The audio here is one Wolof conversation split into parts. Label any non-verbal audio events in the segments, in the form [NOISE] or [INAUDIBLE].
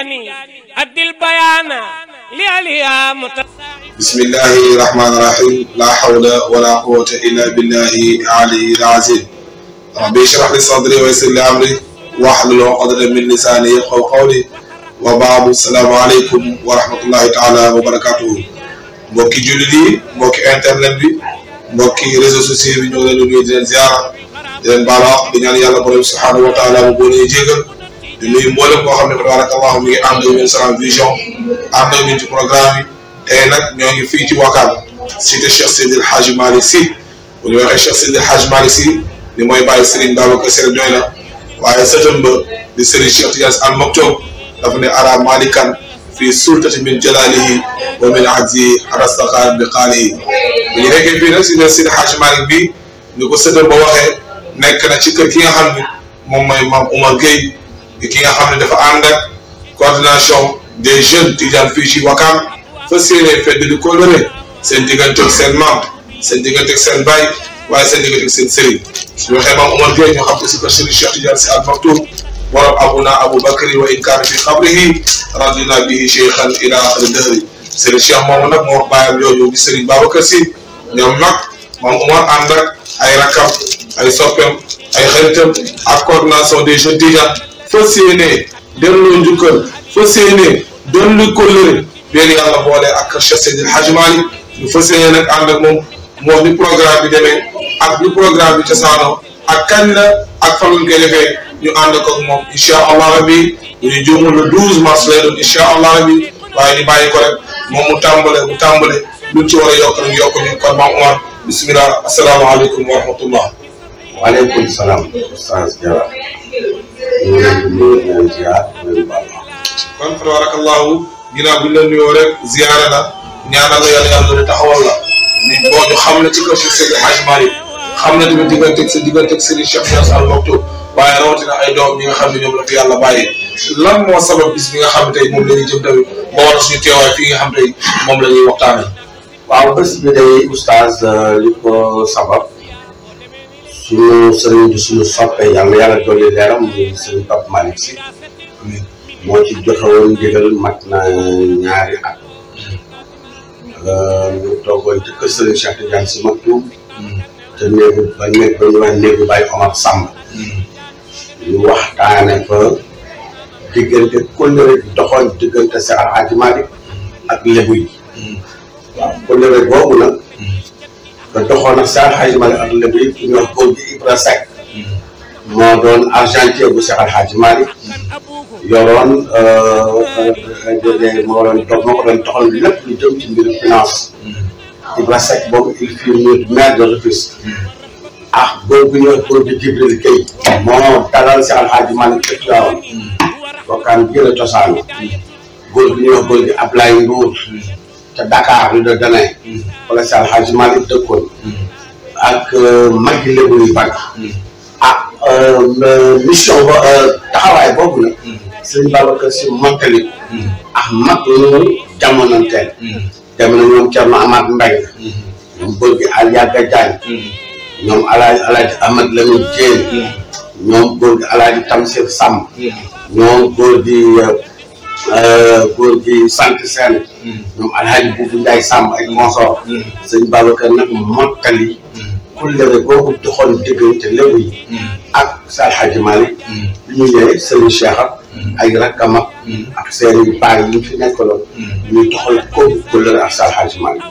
التجاني أدي البيان لأليا بسم الله الرحمن الرحيم لا حول ولا قوة إلا بالله العلي العظيم ربي اشرح لي صدري ويسر لي أمري واحلل عقدة من لساني يفقهوا قولي وبعد السلام عليكم ورحمة الله تعالى وبركاته mbokki jullit yi mbokki internet bi mbokki réseaux sociaux bi ñoo ngi leen di nuyu di leen ziara di leen baal wax di ñaan yàlla borom subhanahu wa taala bu boo nee jégal di nuyu mboolem koo xam ne tabarakallahu mi ngi ànd ak ñun Salam Vision ànd ak ñun ci programme yi tey nag ñoo ngi fii ci Wakam cité Cheikh Seydil Hadj Malick Sy bu ñu waxee Cheikh Seydil Hadj Malick ni mooy bàyyi Serigne Babacar Sy doy na waaye sëtam ba di Serigne Cheikh Tidiane Al Maktoum dafa ne ara malikan fii sultati min jalaalihi wa min ajzi arastaqaar bi qaalihi bu ñu nekkee fii nag cité Seydil Hadj Malick bi ni ko sëtam ba waxee nekk na ci kër ki nga xam ne di ki nga xam ne dafa ànd ak coordination des jeunes Tidiane fii ci Wakam fa séenee fedd di kóllëre seen digganteeg seen maam seen digganteeg seen baay waaye seen digganteeg seen sëriñ su waxee maam Omar Gueye ñoo xam aussi que sëriñ abuna Abu Bakri wa in kaana fi qabrihi radina bihi cheikhan ila axri dëhri sëriñ Cheikh moomu nag moo bàyyam yooyu di sëriñ Babacar Sy ñoom nag maam Omar ànd ak ay rakam ay soppeem ay xaritam ak coordination des jeunes Tidiane fas yéenee delloo njukkal fas yéenee dolli kóllëre benn yàlla boole ak Cheikh Seydil Hadj Malick ñu fas yéenee nag ànd moom moo ni programme bi demee ak ni programme bi cosaanoo ak kañ ak fan lañ ñu ànd ko ak moom incha allah rabi bu ñu juumul le douze mars allah rabi waaye ñu bàyyi ko rek moom mu tàmbale mu tàmbale lu ci war ñu kon maam Omar bisimilah asalaamaaleykum wa rahmatullah waaleykum salaam Oustaz Diarra ñu ngi leen di nuyu di leen ziar di leen la ñaanal la yàlla yàlla taxawal la nit xam na ci kër si Seydi Hadj Malick xam na tamit digganteeg sa digganteeg Serigne Cheikh Niass Al na waaye ay doo yi nga xam ne ñoom la fi yàlla bàyyi lan moo sabab bis bi nga xam ne tey moom la ñuy jëm tamit moo waral nga xam tey moom la ñuy waxtaanee. waaw bés bi day oustaz euh, li sabab. suñu sëriñ bi suñu soppe yàlla yàlla dolli leeram muy sëriñ moo ci joxewoon ndigal mat na ñaari at ñu euh, toogoon ci kër sëriñ Cheikh Tidiane Sy Maktoum te ba néeg ba ñu Omar Samb waxtaane fa diggante kóllëre bi doxoon diggante Seex Alaaji Maalik ak lébu yi waaw kóllëre boobu te doxoon ak Cheikh Alhaji Malick ak lëb yi ku ñuy wax Ibra Seck moo doon argentier bu Cheikh Alhaji Malick yoroon euh, moo doon moo ko doon toxal lépp lu jëm ci mbirum finance Ibra Seck boobu il fut maire de Rufisque ah góor gu ñuy wax Jibril Kay moo dalal Cheikh Alhaji Malick te tuwaawoon bokkaan la cosaan góor gu ñuy wax góor te Dakar rue de Denain mm. wala si Alhaji Malick dëkkoon mm. ak euh, maggi lébu yu bari mm. ah euh, euh, mission ba taxawaay boobu nag sëñ Babacar si mottali ak mag ñu jamonanteel dem na ñoom Thierno Amath Mbengue ñoom bëgg al yàgga Diagne ñoom alaaj alaaj Ahmed Lamine Diène ñoom góor gi alaaji Tamsir Samb ñoom góor gi Euh, góor gi sant seen hmm. ñoom alhaji Buubu Njaay Sàmb ak Monsor hmm. sëñ Babacar nag mottali hmm. kullere googu doxoon diggante lébu yi ak sa alhaji Malick bi ñu ñëwee ay rakkam ak seen i baay yi fi nekkaloon ñuy doxal koogu kullere ak sa alhaji Malick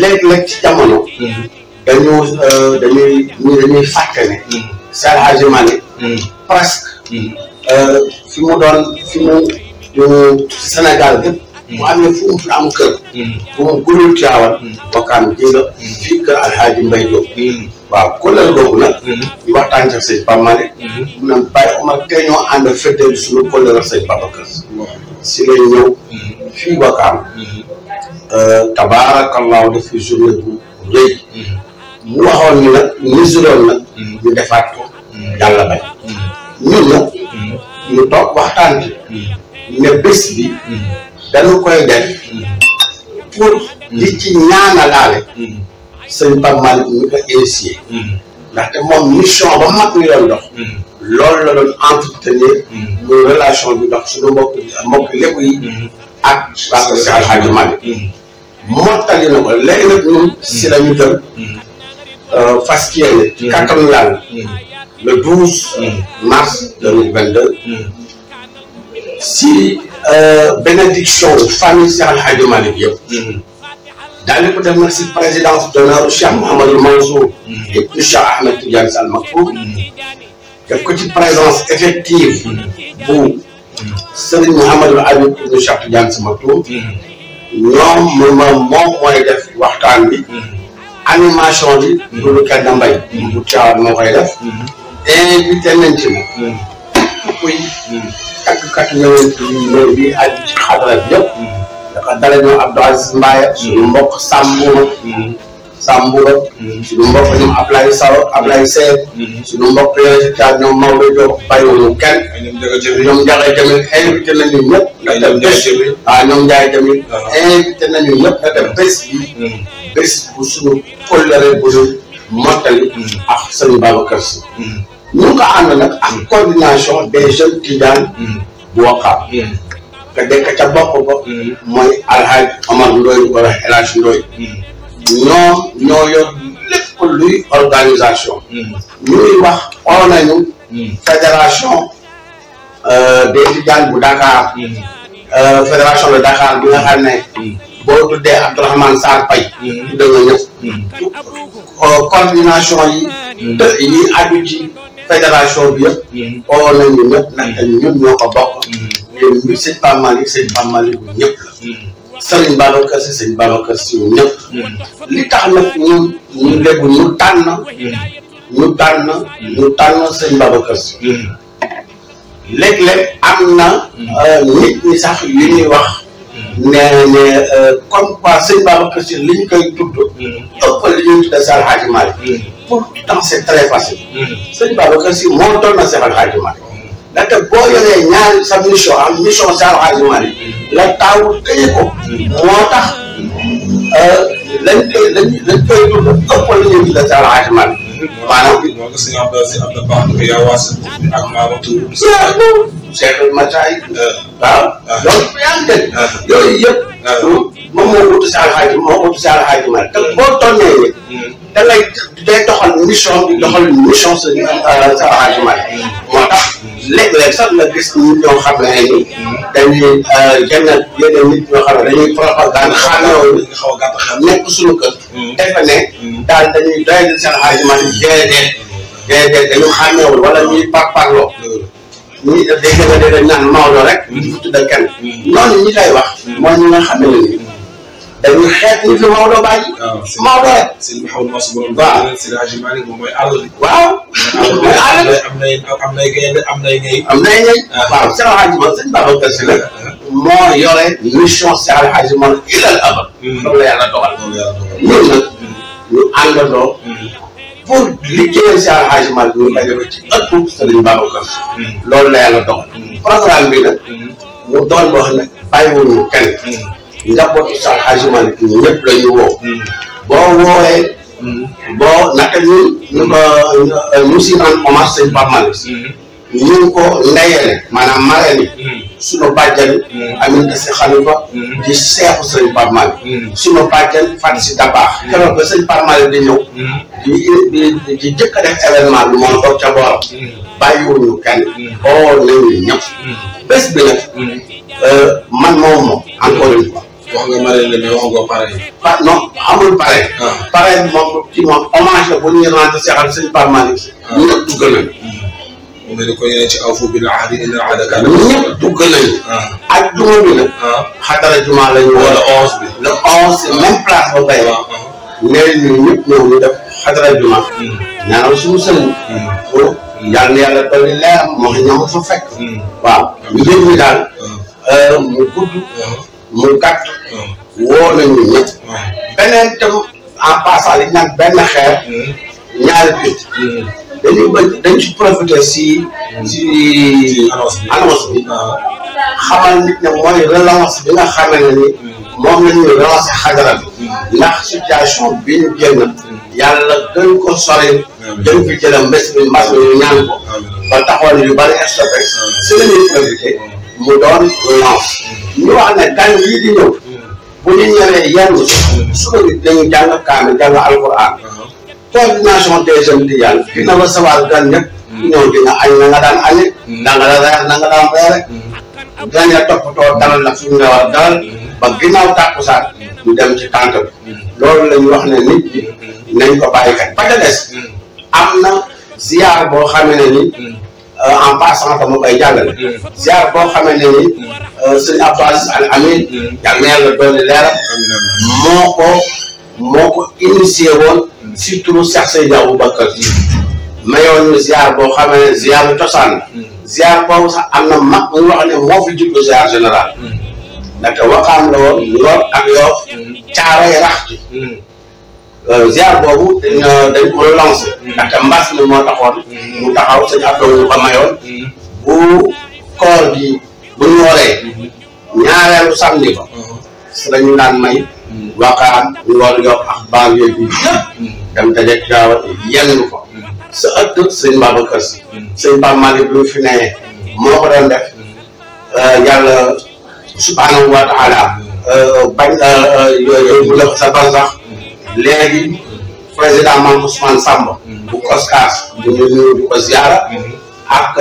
léeg-léeg ci dañu euh, dañuy ñu dañuy fàtte ne euh, fi mu doon fi mu Sénégal gëpp mm. mu amee fu mu am kër mm. fu mu gudul caawal wakkaan jii la fii kër alhaaji mbay Diop mm. waaw kuréel googu nag ñu waxtaan sax sëñ Pape Malick mu ne Baye Omar tey ñoo ànd feddeel suñu kuréel sëñ Babacar si lay ñëw fii wakkaan euh, tabaarakallaahu def fi journée bu rëy waxoon ni nag misiroon nag ñu defaat ko yàlla bay ñun nag ñu toog waxtaan ci ne bés bi dañu koy def pour di ci ñaanalaale sëñ Pape Malick ñu ko initié ndaxte moom mission ba mag ñu doon dox loolu la doon entretenir muy relation bi dox suñu mbokk mbokk lépp yi ak parce Alxaaji Malick mottali na ko léegi nag ñun si la ñu euh, fas yéene ci kàttan le mars deux mille si euh, bénédiction famille Cheikh Al Hadj Malick yëpp. daanaka ko demal si présidence d'honneur Cheikh Mouhamadou Mansour. et puis Ahmed Tidiane Sall Maktoum. def ko ci présence effective. bu Serigne Mouhamadou Habib ibn Cheikh Tidiane Sall Maktoum. ñoom mu ma moom mooy def waxtaan bi. animation bi. loolu kenn mbay. bu caawaat moo koy def. tàggkat yonent yi bi aju ci xadra bi yëpp dafa dala ñoom Abdou Aziz Mbaye suñu mbokk Samboura Samboura suñu mbokk ñoom Ablaye Saro Ablaye Seer suñu mbokk yonent daal ñoom Maodo Diop bàyyiwuñu kenn ñoom Ndiaye tamit invité nañu ñëpp nga dem bés waaw ah, ñoom Ndiaye nga dem bés bi hmm. bés bu suñu kóllëre bu ñu mottali hmm. ak sëñ Babacar Si ñu ngi ko ànd nag ak coordination des jeunes tijaan bu waqaam te dëkk ca bopp ba mooy alhaaj Omar Ndoye wala El Hadj Ndoye ñoo ñoo yor lépp luy organisation mm. ñuy wax oo nañu mm. fédération euh, des tijaan bu Dakar mm. euh, fédération de Dakar bi nga xam ne boo tuddee Abdourahmane Sarr Pay da nga coordination yi te yi aju ci fédération bi yëpp. oo nañu ñëpp ndaxte ñun ñoo ko bokk. ñun ñu sëñ Pape Malick sëñ Pape Malick bu ñëpp la. Serigne Babacar Sy sëñ Babacar Sy bu ñëpp. li tax nag ñu ñu léegi ñu tànn. ñu tànn ñu tànn sëñ Babacar Sy. léeg-léeg am na. Euh, nit ñi sax yu ñuy wax. ne ne euh, comme quoi sëñ Babacar Sy liñ koy tudd. ëpp li ñuy tuddee pourtant c'est très facile. sëñ Babacar Si montoon na Seexal Xaaji Maalik. ndaxte boo yoree ñaari sa mission am mission Seexal Xaaji la taawu téye ko. moo tax euh, lañ koy lañ lañ koy la ñuy dund Seexal Xaaji Maalik. maanaam moo Si am na baax na yaa waas ak maama tur. Seexal moo wut da lay day doxal mission di doxal mission sa euh, sa arrangement moo tax léeg-léeg sax nga gis nit ñoo xam ne ni dañuy yenn euh, yeneen nit ñoo xam ne dañuy propagande xaw a gàtt xam nekk suñu kër. defe ne daal dañuy doyal seen arrangement di dañu xàmmeewul wala ñuy parparloo. ñuy def day gën a naan Maodo rek. di ko tuddal kenn. Mm. noonu ñi lay wax. mooy ñi nga ne ni. dañuy xeet nit lu Maodo bàyyi. waaw Maodo rek. sëñ bi xaw ma su borom. waaw si rajo Malick moom mooy àll bi. waaw. [LAUGHS] am nay am nay gaynde am nay ngay. am nay ngay. Ah. waaw seen rajo man sëñ Babacar Si la. Ah. moo yore mission Seex Al Hajji man ilal abad. Hmm. loolu la yàlla dogal. ñun nag ñu àndandoo. Hmm. pour liggéeyal Seex Al Hajji man ñu dajale ci ëttu sëñ Babacar Si. Hmm. loolu la yàlla dogal. programme bi nag. mu doon boo xam ne bàyyiwuñu kenn. njabootu Sall Hadji Malick ñun ñëpp la ñu woo. Hmm. boo woowee. Hmm. boo naka ñu ko ñu si en hommage sëñ Pape Malick. Hmm. ñu ko ndeyale maanaam a yi. sunu bàjjan. Aminata si Xalifa. di seexu sëñ Pape Malick. sunu bàjjan si Dabaax. keroog sëñ Pape di ñëw. di di jëkk a def événement bi moom toog ca booram. kenn. oo nañu ñëpp. bés bi nag. Euh, man moom moom encore une wax nga Marine Le Maire amul parrain. Ah. parrain moom ci moom hommage la bu ñuy rendre seexal sëñ Pape Malick si. Ah. ñëpp dugg nañ. Mm. mu mel ni ko yeneen ci awfu bi ah. nag. xatara juma lañu. wala onze bi. place ba bay. mais ñun ñëpp ñoo ñu def xatara mm. mm. moo fa fekk. mu gàtt woo nañu ñett beneen tam a passant li nag benn xeer ñaari picc dañu ba dañ ci profité si si annonce bi xamal nit ne mooy relance bi nga xamee ni moom la ñuy relancé xajara bi ndax bi ñu génn yàlla gën ko sori gën ko jëlam mbés bi mi ñu ñaan ba taxoon yu bari stoppé si la ñuy profité mu doon noos ñu wax ne gan yii di ñëw bu ñu ñëwee yenn suba bi dañu jàng kaami jàng alquran coordination des jeunes Tidiane dina recevoir gan ñëpp ñëw dina añ na nga daan añe na nga daan reer na nga daan reere dalal la fi ñu war a dalal ba ginnaaw tàkkusaan ñu dem ci tànk loolu la wax ne nit ñi nañ ko bàyyi kat ba ca am na ziar boo xamee ne Euh, en passant que moo koy jàngale. Mm. ziar boo xamee ne ni euh, sëñ Abdou Aziz Al Amin. Mm. yàlla na yàlla doon leeral. moo ko moo ko woon. surtout Cheikh Seydi Aboubacar. mayoon ñu ziar boo xamee ne ziar cosaan. Mm. ziar boobu sax am na wax ne moo fi jublu ziar général. ndaxte waxaam la woon Ngor caaray raxti. Euh, ziar boobu dañ euh, dañ ko relancé. ndaxte mm-hmm. mbas mi moo taxoon. mu taxaw sañ affaire yu ko mayoon. Mm-hmm. bu koor gi bu nooree. Mm-hmm. ñaareelu samedi ba. si dañu daan may. waxaan ñu war a yokk ak baal yooyu yëpp. dem daje gaaw a yenn ko. sa ëtt sëñ Babacar Si. sëñ Pape Malick lu fi nee. moo ko doon def. Euh, yàlla subhaanahu wa taala bañ yooyu bu la sa ban léegi président man Ousmane Samba. bu COSCAS. ñu ngi nuyu ko ziara. ak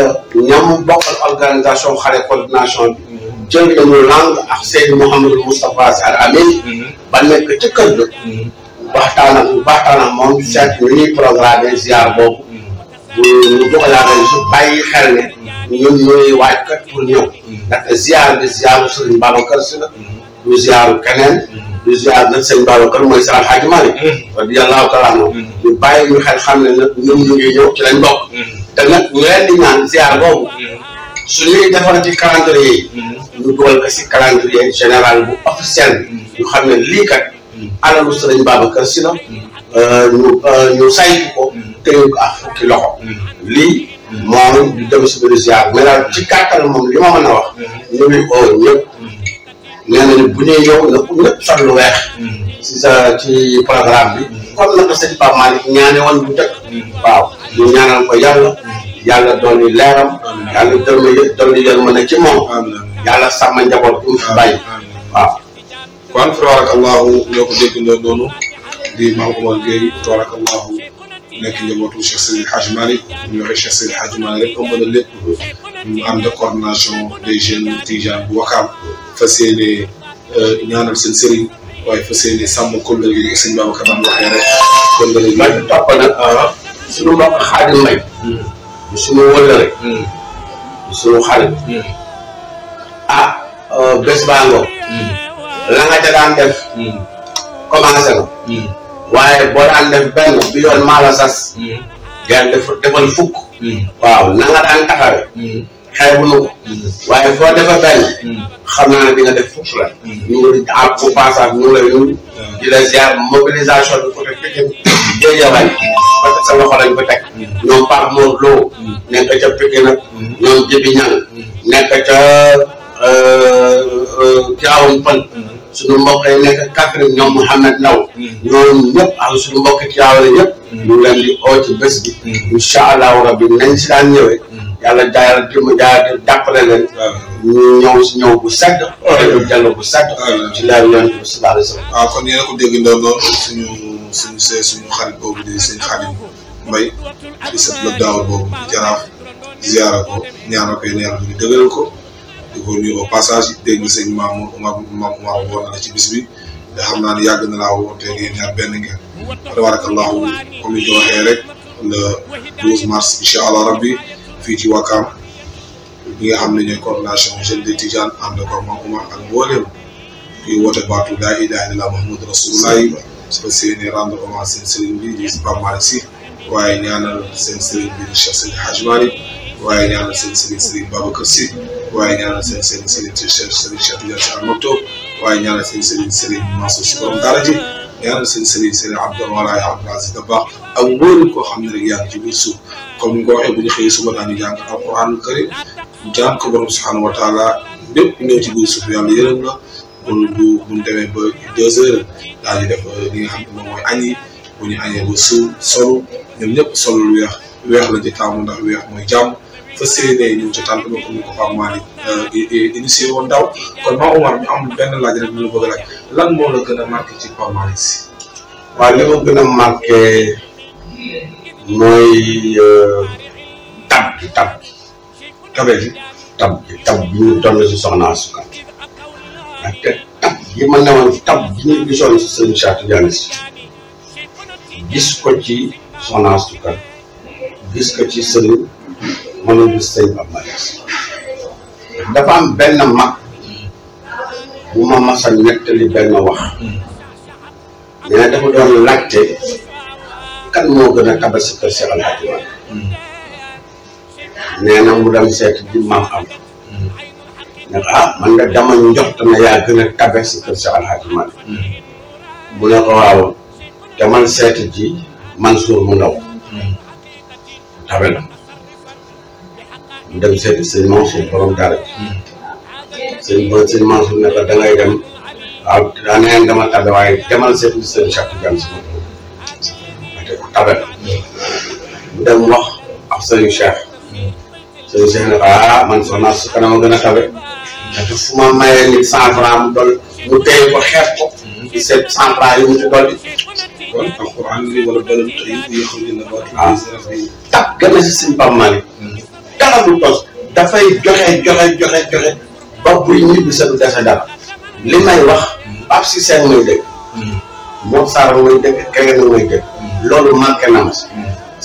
ñamu bokkal organisation xare coordination bi. jël nañu langue ak Seydou Mouhamadou Moustapha Sarr Amin. ba nekk ci kër ga. waxtaan ak moom seet ñu ñuy programme ziar boobu. ñu jox laa leen su bàyyi xel waaj kat pour ñëw. ndax ziar bi ziaru Serigne Babacar Sy la. du ziaru keneen. di ziar nag sëñ Babacar mooy sa Alxaaji Maalik mm. radiyallaahu taala anhu mm. ñu bàyyi ñu xel xam ne nag ñoom ñu ngi ñëw ci lañ bokk mm. te nag ñu leen di ñaan ziar boobu su ñuy defar ci calendrier yi ñu dugal ko si calendrier général bu officiel bi ñu xam ne lii kat alalu sëriñ Babacar Si la euh, ñu euh, ñu saytu ko téye ko ak fukki loxo lii moom di dem si biir ziar mais daal ci kàttal moom ma mën a wax ñu ngi oo ñëpp nee nañu bu ñuy yow nga ñëpp sol lu weex. si mm. sa ci programme bi. comme nag sëñ Pape Malick ñaane woon bu njëkk. Mm. waaw ñu ñaanal ko yàlla. Mm. yàlla dolli leeram. yàlla dolli dolli yërmande ci yàlla sàmm njaboot bu mu fi bàyyi. waaw. kon tabarakallahu ñoo ko déggandoo di Maam Omar Gueye tabarakallahu nekk njabootu Cheikh Seydil Hadj Malick ñu waxee Cheikh Seydil Hadj Malick rek ëmb na lépp mu ànd coordination des jeunes Tijaan Wakaam. fas yéene euh, ñaanal seen sëriñ waaye fas yéene sàmm kóllëre yi sëñ Babacar daan waxee rek. kóllëre yi man topp nag. Ah, suñu mbokk xaadim may. Hmm. suñu wëllëre. Hmm. suñu xarit. Hmm. ah euh, bés baa ngoog. la nga ca daan def. commencé na. waaye boo daan def benn bi yoon maa la sas. defal fukk. waaw na nga daan taxawee. xel bu nu waaye foo defar benn xam naa ne di nga def fukk la ñu ngi am bu passage ñu ngi lay la ziar mobilisation bi côté Pikine Guédiawaye parce que sa loxo lañ ko teg ñoom Pape Mor Lo nekk ca Pikine nag ñoom Jibi Ñang nekk ca euh, euh, Tivaouane Peulh suñu mbokk yi nekk Kaffrine ci bés bi incha allahu yàlla jaayal jëm jaayal jàppale leen. ñu ñëw si ñëw bu sedd. ñu jàll bu sedd. ci laaj leen bu si laaj sax. waaw kon yéen a ko dégg ndaw noonu suñu suñu see suñu xarit boobu di seen xarit Mbaye di sët la daaw boobu jaraaf ziara ko ñaanal ko yéen a ngi dëgëral ko di ko nuyu au passage dégg nga sëñ Mamour Omar Mamour woon na ci bis bi. te xam naa ne yàgg na laa woo te ngeen ñaar benn ngeen tabarakallahu comme ni ko waxee rek le 12 mars incha allah rabbi. fii ci Wakaam ñi nga xam ne ñooy coordination jeune de Tidiane ànd ko moom Oumar ak mboolem kuy woote baatu laa ilaaha illallaah Muhammadu Rasulullaah soo seeni rendre hommage seen sëriñ bi di Pape Malick Sy waaye ñaanal seen sëriñ bi di Cheikh Seydi Hadj Malick waaye ñaanal seen sëriñ sëriñ Babacar Sy waaye ñaanal seen sëriñ sëriñ Cheikh Tidiane Sy Al Maktoum waaye ñaanal seen ñaanal seen sëriñ sëriñ Abdou Walaay Abdou Aziz Dabakh ak mboolem koo xam ne rek yaa ngi ci biir suuf comme ni nga ko waxee bu ñu xëyee suba daañu jàng alquran karim jàng ko borom subhanahu taala bépp ñëw ci biir suuf yàlla yërëm la kon bu bu ñu demee ba deux heures daal di def euh, li nga xam ne moom mooy añyi bu suuf solu ñoom ñëpp solu lu weex weex la ci taamu ndax weex mooy jàmm. fa séenee ñun ci tànk ba comme ni ko Pape Malick euh, initié woon kon maa Omar am benn laaj rek ñu la bëgg laaj lan moo la gën a marqué ci Pape Malick si. waaw li ma gën a marqué mooy euh, tab bi tab bi. tabe bi tab tab bi ñu doon si soxna Asuka tab bi ma newoon tab bi ñu si sëñ Chateau Diagne si gis ci soxna Asuka gis ko ci sëñ. moom la dafa am benn mag bu ma mas nettali benn wax nee dafa doon laajte kan moo gën a tabax si kër Cheikh Al nee na mu dem seet di maam am ne ah man dama njort na yaa gën a tabax si kër Cheikh Al Hadj ne ko waaw demal seet ji Mansour mu ndaw tabe la ñu dem seeti sëñ Mansour borom daal sëñ ba sëñ Mansour ne ko dem waaw daa ne leen demal tabe waaye demal seeti sëñ Cheikh Tidiane si moom tabe mu dem wax ak sëñ Cheikh sëñ Cheikh ah, man soxna su kanam tabe ndax fu ma mayee mu dool mu téye yu mu dolli kon alquran li wala bëlam tey yoo xam ne ah. si sëñ Pape Malick daralu tos dafay joxe joxe joxe joxe ba buy ñibbi sa du dese dara li may wax ab si seen mooy dëkk moom saara mooy dëkk keneen mooy dëkk loolu manqué na si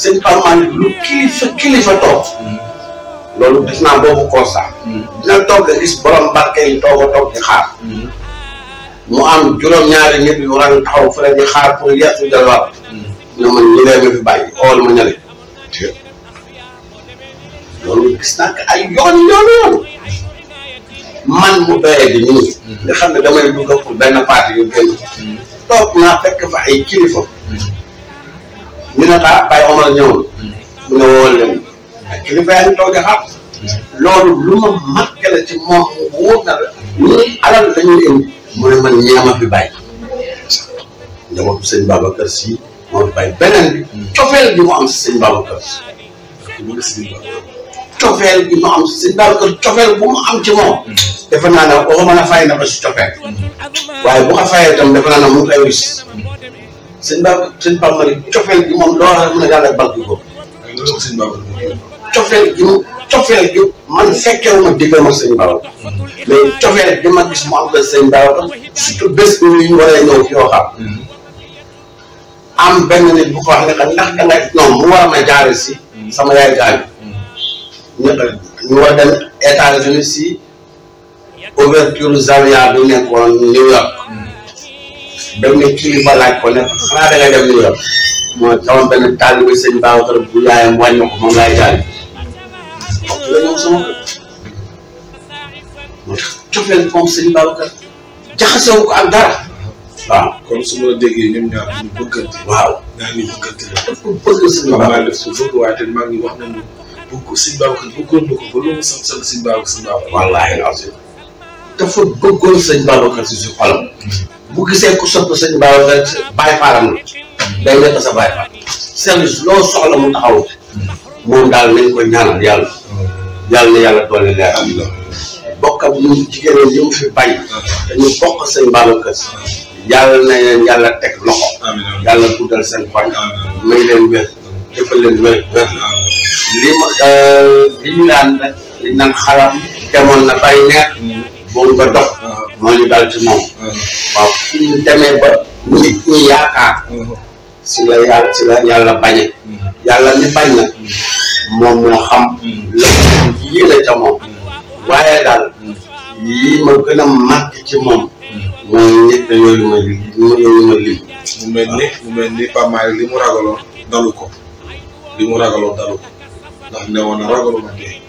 sëñ parment lu kilifa toog loolu def naa boobu constat dina toog a gis borom barke yi toog toog di xaar mu am juróom-ñaari nit yu war a taxaw fële di xaar pour yeesu jalwaat na man ñi leen ma fi bàyyi xool ma ñale loolu gis naa ko ay yoon yoon yoon man mu doyee di ñu nga xam ne damay dugg pour benn parti yu génn toog naa fekk fa ay kilifa ñu ne ah mu ne toog lu ma marqué la ci mu ne man ñaama fi bàyyi njabootu sëñ Babacar si moo fi bàyyi beneen bi cofeel am si sëñ si. cofeel bi mu am sëñ Babacar cofeel bu mu am ci moom. Mm. defe naa ne waxuma na fay na ko si cofeel. waaye bu ko fayee itam defe naa ne mu ngi koy wis. sëñ Babacar sëñ Pape Malick cofeel gi moom loo xam ne yàlla bàgg ko. sëñ Babacar. cofeel gi mu cofeel gi man fekkewu ma digal ma sëñ Babacar. mais cofeel gi ma gis mu am la sëñ Babacar surtout bés bi ñu war a ñëw yoo xam. am benn nit bu ko wax ne que ndax dangay non mu war a ma jaare si. sama yaay gaañu. ñu war dem États-Unis si ouverture Zawiya bi nekkoon New York dem ne kilifa laaj ko ne xanaa da nga New York mooy sama benn taalibe sëñ Babacar bu jaxasewu ko ak waaw kon su ma la déggee ñoom ñaar ñu bëggante waaw ñaar ñu bëggante la ëpp bëgg sëñ su bëgg waaye maa ngi wax nañu bëgg sëñ Babacar bëggoon na ko ba loolu sant sant sëñ Babacar sëñ Babacar. wallaahi alazim dafa bëggoon sëñ si si xolam. bu gisee ku sopp sëñ Babacar bàyyi faaram la. day nekk sa bàyyi faar. service loo mu taxaw. moom daal nañ ko ñaanal yàlla. yàlla na yàlla doole leeral. bokkam ñu jigéen ñi mu fi bàyyi. dañu bokk sëñ yàlla na leen yàlla teg loxo. yàlla guddal seen fan. may leen wér defal leen wér li ma euh, li xalam demoon na bay ñaar moom ba dox moo ñu dal ci moom waaw ba nit ñi yaakaar si la yàlla si la yàlla bañe yàlla ni bañ na moom moo xam la yii la ca moom waaye daal yii ma gën a ci moom mooy ñett yooyu ma yooyu ma lim mu mel ni mu mel ni Pape Malick li mu ragaloon dalu ko li mu ragaloon dalu ko ndax ne woon na ragaluma dee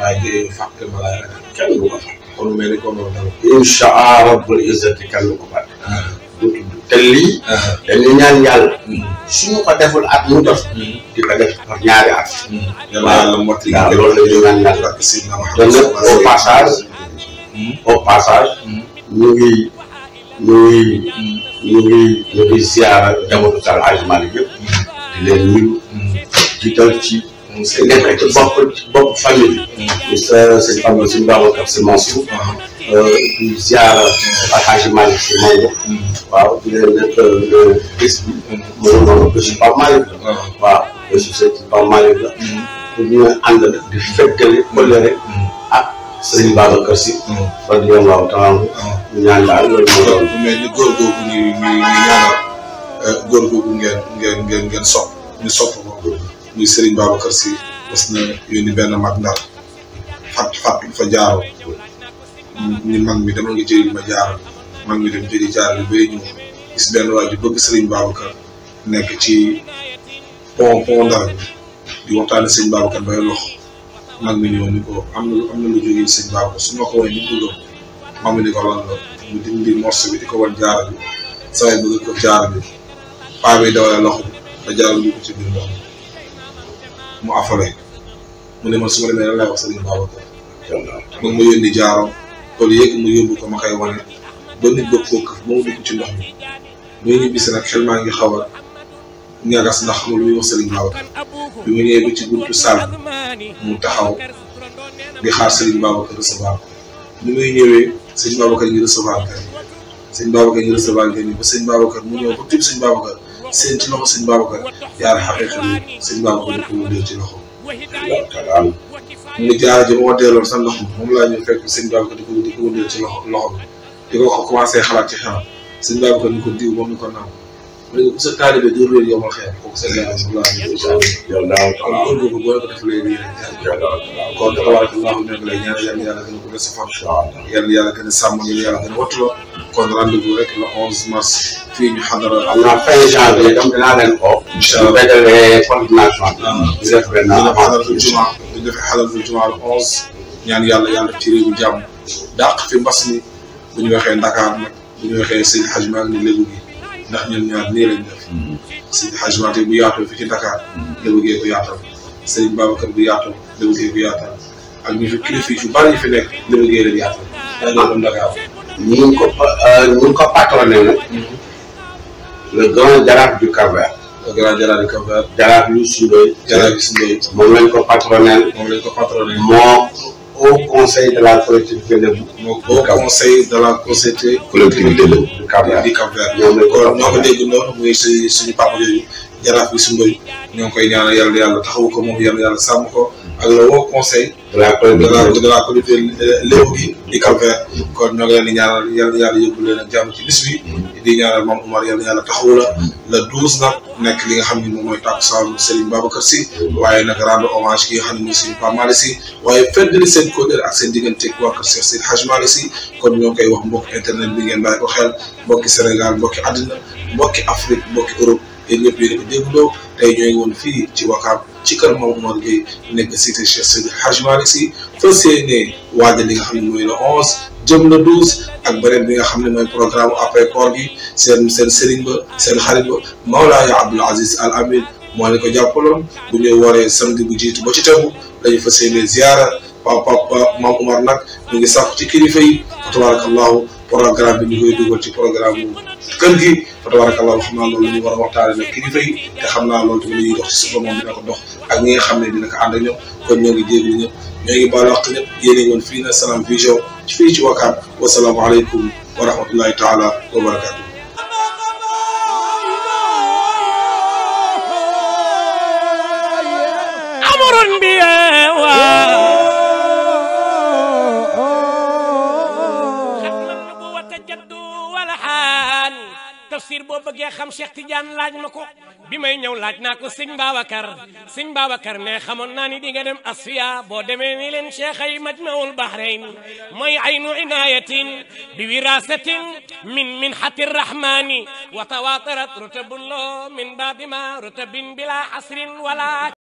waaye dee fàtte ma laay ragal kenn du ko fàtte kon mel ni kon noonu dal incha allah rabbul izzati kenn du ko fàtte du tudd te lii dañuy ñaan yàlla suñu ko deful at mu def di ko def par ñaari at yàlla mot li loolu la ñuy ñaan yàlla kon nag au passage au passage ñu ngi ñu ngi ñu ngi ñu ngi ziara jamono tal Hadj Malick yëpp di leen nuyu jiital ci si nekk ci bopp bopp famille bi sa sëñ Fallou si Mansour uh-huh. euh, di ziar Alhaji mm-hmm. waaw di nekk le gis euh, sopp ñu sopp muy Serigne si Sy mës na yónni benn mag ndar fat fat fa jaaroo ni mag mi dama ngi jëriñ ma jaaral mag mi dem jëri jaaral bay ñu benn waa ji bëgg Serigne Babacar nekk ci pont pont ndar bi di waxtaane sëñ Babacar bay lox mag mi ñëw am na am na lu jógee sëñ Babacar ma ko woon ni mu doon mag mi ni ko lan la mu dindi morceau ko wan jaaral bi saa yi bëgg ko jaaral bi paa bi dawalee loxo bi ba jaaral bi ko ci biir ndox mu afale mu ne man su ma demee lan laay wax Serigne Babacar man ma yónni jaaram tool yëpp mu yóbbu ko ma koy wane ba nit ba kooku ba mu dugg ci ndox mi xaw a ñagas ndax xamul lu wax Serigne Babacar bi mu ñëwee ba ci buntu Sall mu taxaw di xaar Serigne Babacar recevoir ko ni muy ñëwee Serigne Babacar ñu recevoir ko Serigne Babacar ñu mu ñëw ba tibb Serigne Babacar seen ci loxo Serigne Babacar jaar xaqiqa bi sëñ Ba waxoon ko mu jël ci loxo waaw daal mu ne jaara ji moo delloon sa loxo moom laa ñu fekk sëñ Ba ko di ko di ko wëndeel ci loxo loxo bi di ko commencé xalaat ci xelam sëñ Ba ko ni ko diw moom ni ko naaw mu ne ko sa taalibe di réer yow ma xeer kooku sa jaara moom laa ñu ko yow daaw kon kon boobu boo ko defalee nii rek jaar kon tabaaraka allahu nekk lay ñaan yàlla yàlla gën a ko def sa fan yàlla yàlla gën a sàmm yàlla yàlla gën a wattuloo kon rendez-vous rek le 11 mars fii ñu xadara. am naa fin janvier donc dinaa leen ko. incha allah ah. bu dajalee coordination bi. di def benn xadaratul jumaa di def xadaratul jumaa le 11. ñaan yàlla yàlla def ci réew mi jàmm dàq fi mbas mi bu ñu waxee Dakar nag bu ñu waxee sëñ Hadj Malick ni lébu gi ndax ñun ñaar nii lañ def. Mm-hmm. sëñ Hadj Malick bu yaatoo fi ci Dakar. Mm-hmm. lébu gee ko yaatal. sëñ Babacar bu yaatoo lébu gee ko yaatal ak ñu fi kilifa yu bari ñu fi nekk lébu gee leen yaatal. daañu doon Dakar. ñi ngi ko ñi euh, ngi ko patronné nag. le grand jaraaf du Cap-Vert. le grand jaraaf du Cap-Vert. jaraaf yu Sundoy. jaraaf yu Sundoy. moom lañ ko patronné. moom lañ ko patronné. moo au conseil de la collectivité de. moo au conseil de la conseillité. collectivité de du Cap-Vert. du Cap-Vert ñoom lañ ko. ñoo ko dégg noonu muy suñu suñu papa yooyu jaraaf yu Sundoy ñoo ngi koy ñaanal yàlla yàlla taxawu ko moom yàlla yàlla sàmm ko. ak le haut conseil. de la collectivité de la collectivité Léopold di Cap-Vert. kon ñoo ngi leen di ñaanal yàlla yàlla yóbbu leen ak jàmm ci bis bi. di ñaanal maam Umar yàlla yàlla la. le douze nekk li nga xam ne moom mooy takkusaanu Serigne Babacar ba waaye nag rendre hommage ki nga xam ne mooy Serigne Pape Malick Sy. waaye feddali seen kóodër ak seen diggante waa kër Cheikh Seydi Hadj Malick Sy kon ñoo koy wax mbokk internet bi ngeen bàyyi ko xel mbokki Sénégal mbokki àddina mbokki Afrique mbokki Europe. yéen ñëpp fii ci Wakaam ci kër Maam Mor Gueye nekk cité Cheikh Seydi Hadji Malick Sy fas yéene waaja nga xam ne mooy le onze jëm le douze ak beneen bi nga xam ne mooy programme après koor gi seen seen sëriñ ba seen xarit ba Mawlaaya Abdoul Aziz Al Amin moo leen ko jàppaloon bu ñu waree samedi bu jiitu ba ci tegu dañu fas yéene ziara papa maam Umar nag ñu ngi sàkku ci kilifa yi tabaarakallahu programme bi ñu koy dugal ci programme mu kër gi fa tabarakallah xam naa loolu ñu war a waxtaane te xam naa loolu tamit li ñuy suba moom dina ko dox xam ne dina ko ànd ak ñoom kon ñoo ngi jéeglu ñëpp ñoo ngi baal wax ñëpp yéen a ngi woon fii na Salam Vision fii ci Wakaam wasalaamualeykum wa rahmatullahi taala wa barakaatu Cheikh Tidiane laaj ma ko bi may ñëw laaj naa ko sëñ Babacar sëñ Babacar ne xamoon naa ni di nga dem asfiya boo demee ni leen cheikh ay majmaul bahrain mooy aynu inayatin bi wirasatin min min hati rahmani wa tawatarat rutabun lo min badima rutabin bila hasrin wala